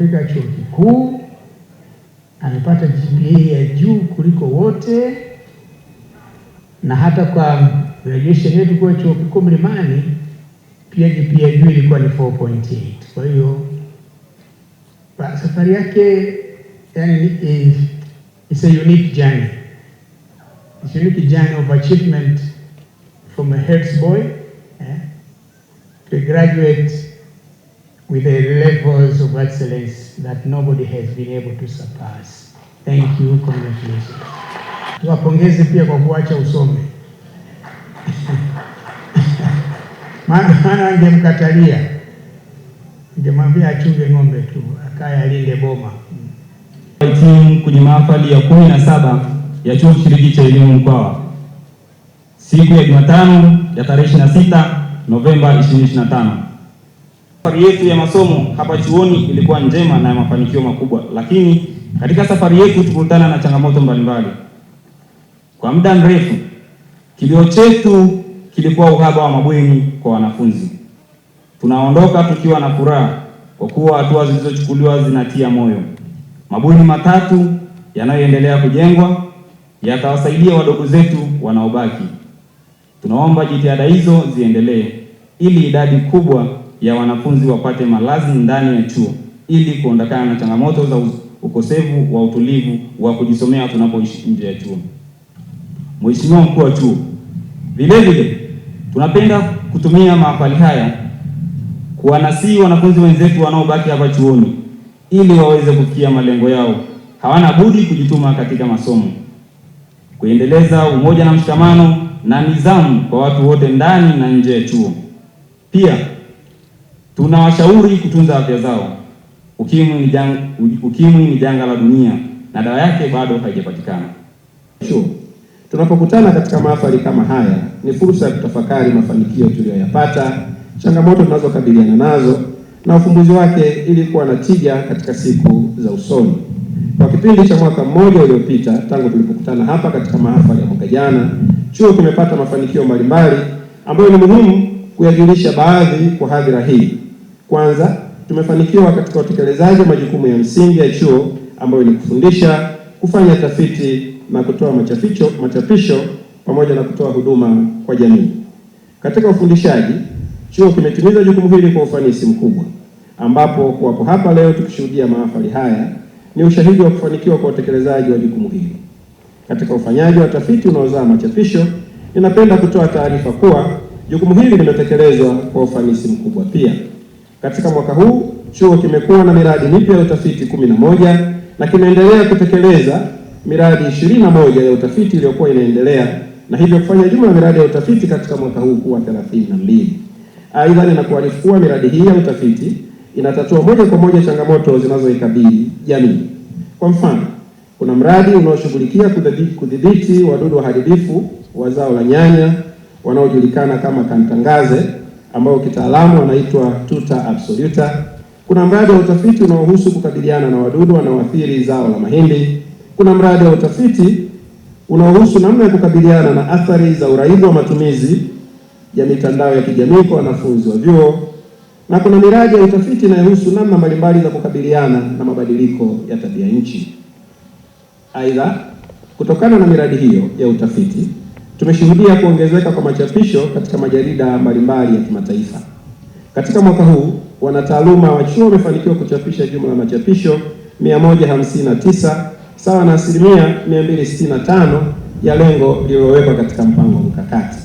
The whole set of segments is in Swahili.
amefika chuo kikuu, amepata GPA ya juu kuliko wote, na hata kwa graduation yetu kwa chuo kikuu Mlimani pia GPA juu ilikuwa ni 4.8. Kwa hiyo safari yake yani is a unique journey, is a unique journey of achievement from a herds boy eh, to a graduate with the levels of excellence that nobody has been able to surpass. Thank you, congratulations. Tuwapongeze pia kwa kuacha usome maana angemkatalia achunge ng'ombe tu akaye alinde boma. kwenye mahafali ya kumi na saba ya chuo kishiriki cha elimu Mkwawa siku ya Jumatano ya tarehe 26 Novemba 2025. Safari yetu ya masomo hapa chuoni ilikuwa njema na ya mafanikio makubwa, lakini katika safari yetu tukutana na changamoto mbalimbali. Kwa muda mrefu, kilio chetu kilikuwa uhaba wa mabweni kwa wanafunzi. Tunaondoka tukiwa na furaha kwa kuwa hatua zilizochukuliwa zinatia moyo. Mabweni matatu yanayoendelea kujengwa yatawasaidia wadogo zetu wanaobaki. Tunaomba jitihada hizo ziendelee ili idadi kubwa ya wanafunzi wapate malazi ndani ya chuo ili kuondokana na changamoto za ukosefu wa utulivu wa kujisomea tunapoishi nje ya chuo. Mheshimiwa mkuu wa chuo, vilevile tunapenda kutumia mahafali haya kuwanasii wanafunzi wenzetu wanaobaki hapa chuoni ili waweze kufikia malengo yao. Hawana budi kujituma katika masomo, kuendeleza umoja na mshikamano na nidhamu kwa watu wote ndani na nje ya chuo. Pia Tunawashauri kutunza afya zao. Ukimwi ni janga, ukimwi ni janga la dunia na dawa yake bado haijapatikana. Tunapokutana katika mahafali kama haya ni fursa ya kutafakari mafanikio tuliyoyapata, changamoto tunazokabiliana nazo na ufumbuzi wake ili kuwa na tija katika siku za usoni. Kwa kipindi cha mwaka mmoja uliopita tangu tulipokutana hapa katika mahafali ya mwaka jana, chuo kimepata mafanikio mbalimbali ambayo ni muhimu kuyajulisha baadhi kwa hadhira hii. Kwanza, tumefanikiwa katika utekelezaji wa majukumu ya msingi ya chuo ambayo ni kufundisha, kufanya tafiti na kutoa machapisho, machapisho pamoja na kutoa huduma kwa jamii. Katika ufundishaji, chuo kimetimiza jukumu hili kwa ufanisi mkubwa, ambapo kuwapo hapa leo tukishuhudia mahafali haya ni ushahidi wa kufanikiwa kwa utekelezaji wa jukumu hili. Katika ufanyaji wa tafiti unaozaa machapisho, ninapenda kutoa taarifa kuwa Jukumu hili limetekelezwa kwa ufanisi mkubwa. Pia katika mwaka huu chuo kimekuwa na miradi mipya ya utafiti 11 na na kimeendelea kutekeleza miradi 21 ya utafiti iliyokuwa inaendelea na hivyo kufanya jumla ya miradi ya utafiti katika mwaka huu kuwa 32. Aidha, ninakuarifu kuwa miradi hii ya utafiti inatatua moja kwa moja changamoto zinazoikabili jamii. Kwa mfano, kuna mradi unaoshughulikia kudhibiti wadudu waharibifu wa zao la nyanya wanaojulikana kama kantangaze ambao kitaalamu wanaitwa tuta absoluta. Kuna mradi wa utafiti unaohusu kukabiliana na wadudu wanaoathiri zao la mahindi. Kuna mradi wa utafiti unaohusu namna ya kukabiliana na athari za uraibu wa matumizi ya mitandao ya kijamii kwa wanafunzi wa vyuo, na kuna miradi ya utafiti inayohusu namna mbalimbali za kukabiliana na mabadiliko ya tabia nchi. Aidha, kutokana na miradi hiyo ya utafiti Tumeshuhudia kuongezeka kwa machapisho katika majarida mbalimbali ya kimataifa. Katika mwaka huu, wanataaluma wa chuo wamefanikiwa kuchapisha jumla ya machapisho 159 sawa na asilimia 265 ya lengo lililowekwa katika mpango mkakati.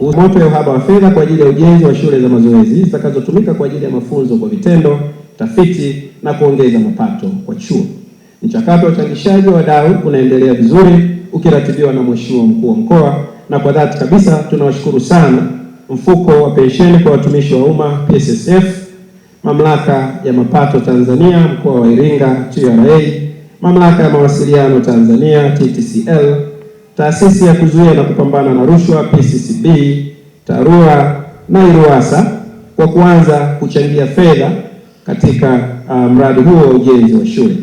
Moto ya uhaba wa fedha kwa ajili ya ujenzi wa shule za mazoezi zitakazotumika kwa ajili ya mafunzo kwa vitendo, tafiti na kuongeza mapato kwa chuo. Mchakato wa uchangishaji wa wadau unaendelea vizuri ukiratibiwa na Mheshimiwa Mkuu wa Mkoa, na kwa dhati kabisa tunawashukuru sana mfuko wa pensheni kwa watumishi wa umma PSSF, mamlaka ya mapato Tanzania mkoa wa Iringa TRA, mamlaka ya mawasiliano Tanzania TTCL, taasisi ya kuzuia na kupambana na rushwa PCCB, TARUA na IRUWASA kwa kuanza kuchangia fedha katika uh, mradi huo wa ujenzi wa shule.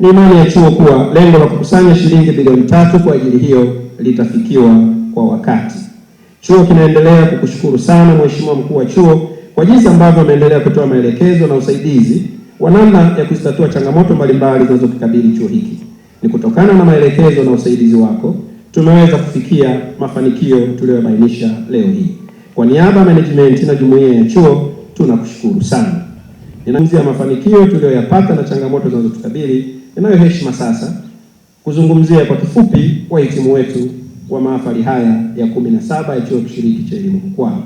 Ni imani ya chuo kuwa lengo la kukusanya shilingi bilioni tatu kwa ajili hiyo litafikiwa kwa wakati. Chuo kinaendelea kukushukuru sana Mheshimiwa mkuu wa chuo kwa jinsi ambavyo ameendelea kutoa maelekezo na usaidizi wa namna ya kuzitatua changamoto mbalimbali zinazokikabili chuo hiki. Ni kutokana na maelekezo na usaidizi wako tumeweza kufikia mafanikio tuliyobainisha leo hii. Kwa niaba ya management na jumuiya ya chuo tunakushukuru sana. Ninazungumzia mafanikio tuliyoyapata na changamoto zinazotukabili Ninayo heshima sasa kuzungumzia kwa kifupi wahitimu wetu wa mahafali haya ya kumi na saba ya chuo kishiriki cha elimu Mkwawa.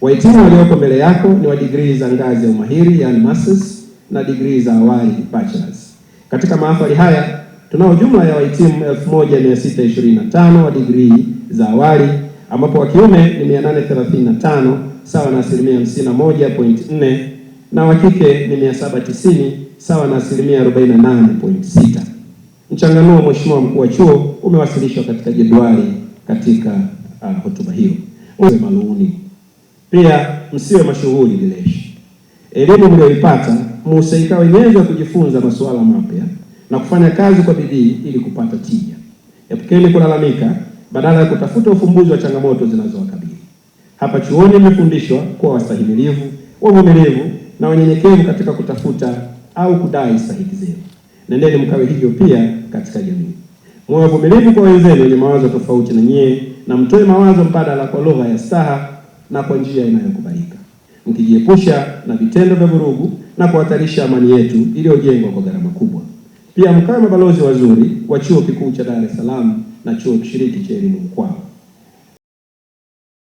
Wahitimu walioko mbele yako ni wa digrii za ngazi ya umahiri yani masters na digrii za awali bachelors. Katika mahafali haya tunao jumla ya wahitimu 1625 wa digrii za awali ambapo wa kiume ni 835 sawa na asilimia 51.4 na wa kike ni 790 sawa na asilimia 48.6. Mchanganuo mheshimiwa mkuu wa chuo umewasilishwa katika jedwali katika uh, hotuba hiyo. Maluuni pia msiwe mashuhuri bileshi. Elimu mliyoipata muusaikawa imeweza kujifunza masuala mapya na kufanya kazi kwa bidii ili kupata tija. Epukeni kulalamika badala ya kutafuta ufumbuzi wa changamoto zinazowakabili. Hapa chuoni mmefundishwa kuwa wastahimilivu, wavumilivu na wanyenyekevu katika kutafuta au kudai stahiki zenu. Nendeni mkawe hivyo pia katika jamii, muwe wavumilivu kwa wenzenu wenye mawazo tofauti na nyie, na mtoe mawazo mbadala kwa lugha ya staha na kwa njia inayokubalika, mkijiepusha na vitendo vya vurugu na kuhatarisha amani yetu iliyojengwa kwa gharama kubwa. Pia mkawe mabalozi wazuri wa chuo kikuu cha Dar es Salaam na chuo kishiriki cha elimu Mkwawa.